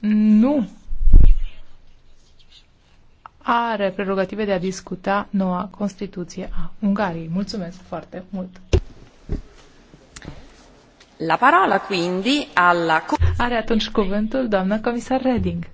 nu are prerogative de a discuta noua Constituție a Ungariei. Mulțumesc foarte mult! La parola, quindi, alla... Are atunci cuvântul doamna comisar Reding.